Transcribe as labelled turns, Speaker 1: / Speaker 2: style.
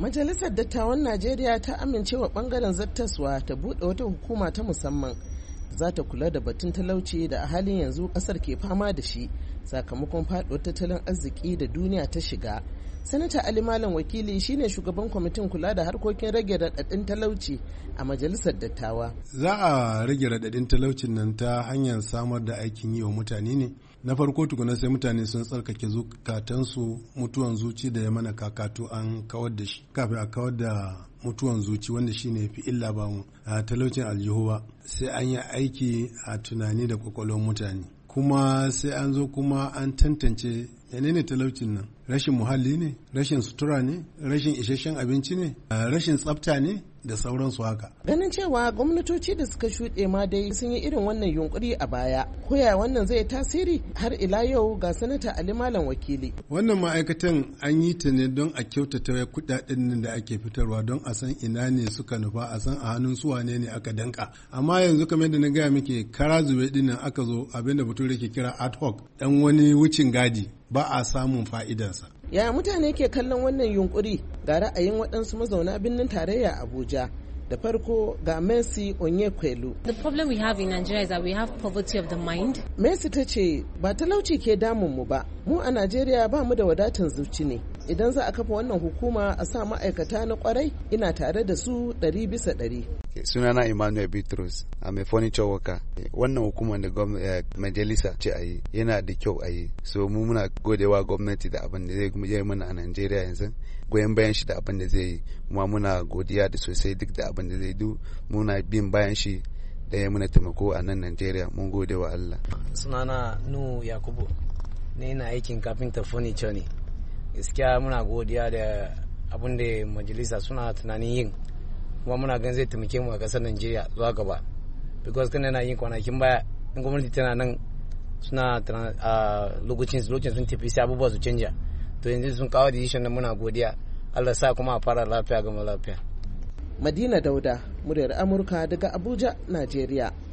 Speaker 1: Majalisar Dattawan Najeriya ta amincewa bangaren zattaswa ta buɗe wata hukuma ta musamman za ta kula da batun talauci da a halin yanzu ƙasar ke fama da shi sakamakon faɗuwar tattalin arziki da duniya ta shiga. Sanata Ali Malam Wakili shine shugaban kwamitin kula da harkokin rage raɗaɗin talauci a majalisar dattawa.
Speaker 2: Za a rage raɗaɗin talaucin nan ta hanyar samar da aikin yi wa mutane ne na farko tukuna sai mutane sun tsarkake zukatansu mutuwan zuci da ya mana kakatu an kawar da shi kafin a kawar da mutuwan zuci wanda shine fi illa ba mu a talaucin aljihuwa sai an yi aiki a tunani da kwakwalon mutane kuma sai an zo kuma an tantance menene talaucin nan rashin muhalli ne rashin sutura ne rashin isasshen abinci ne ah, rashin tsafta ne da sauransu haka ganin
Speaker 1: cewa gwamnatoci da suka shuɗe ma dai sun yi irin wannan yunkuri a baya koya wannan zai tasiri har ila yau ga sanata ali malam wakili
Speaker 2: wannan ma'aikatan an yi ta ne don a kyautata kuɗaɗen nan da ake fitarwa don a san ina ne suka nufa a san a hannun su wane ne aka danka amma yanzu kamar yadda na gaya miki kara zube dinnan aka zo abinda bature ke kira ad hoc dan wani wucin gadi ba a samun fa'idansa.
Speaker 1: Ya mutane ke kallon wannan yunkuri ga ra'ayin waɗansu mazauna birnin tarayya Abuja da farko ga Mercy Onyekwelu. The problem we have in Nigeria is that we have poverty of the mind. Mercy ta ce ba talauci ke damun mu ba, mu a Najeriya ba mu da wadatan zuci ne. idan za a kafa wannan hukuma a sa ma'aikata na kwarai ina tare da su ɗari bisa ɗari.
Speaker 3: Eh, sunana emmanuel bitrus a mai furniture worker eh, wannan hukumar da eh, majalisa ce a yi yana da kyau a yi so mu muna godewa gwamnati da abin da zai yi mana a najeriya yanzu goyon bayan shi da abin da zai yi kuma muna godiya da sosai duk da abin da zai du muna bin bayan shi da ya muna taimako a nan najeriya mun gode wa allah
Speaker 4: sunana nu yakubu ne na aikin kafinta furniture ne gaskiya muna godiya da abin da majalisa suna tunanin yin kuma muna gan zai taimake mu a kasar Najeriya zuwa gaba because kan na yin kwanakin baya in gwamnati tana nan suna a lokacin lokacin sun tafi sai abubuwa su canja to yanzu sun kawo decision da muna godiya Allah sa kuma a fara lafiya gama lafiya
Speaker 1: Madina Dauda muryar Amurka daga Abuja Najeriya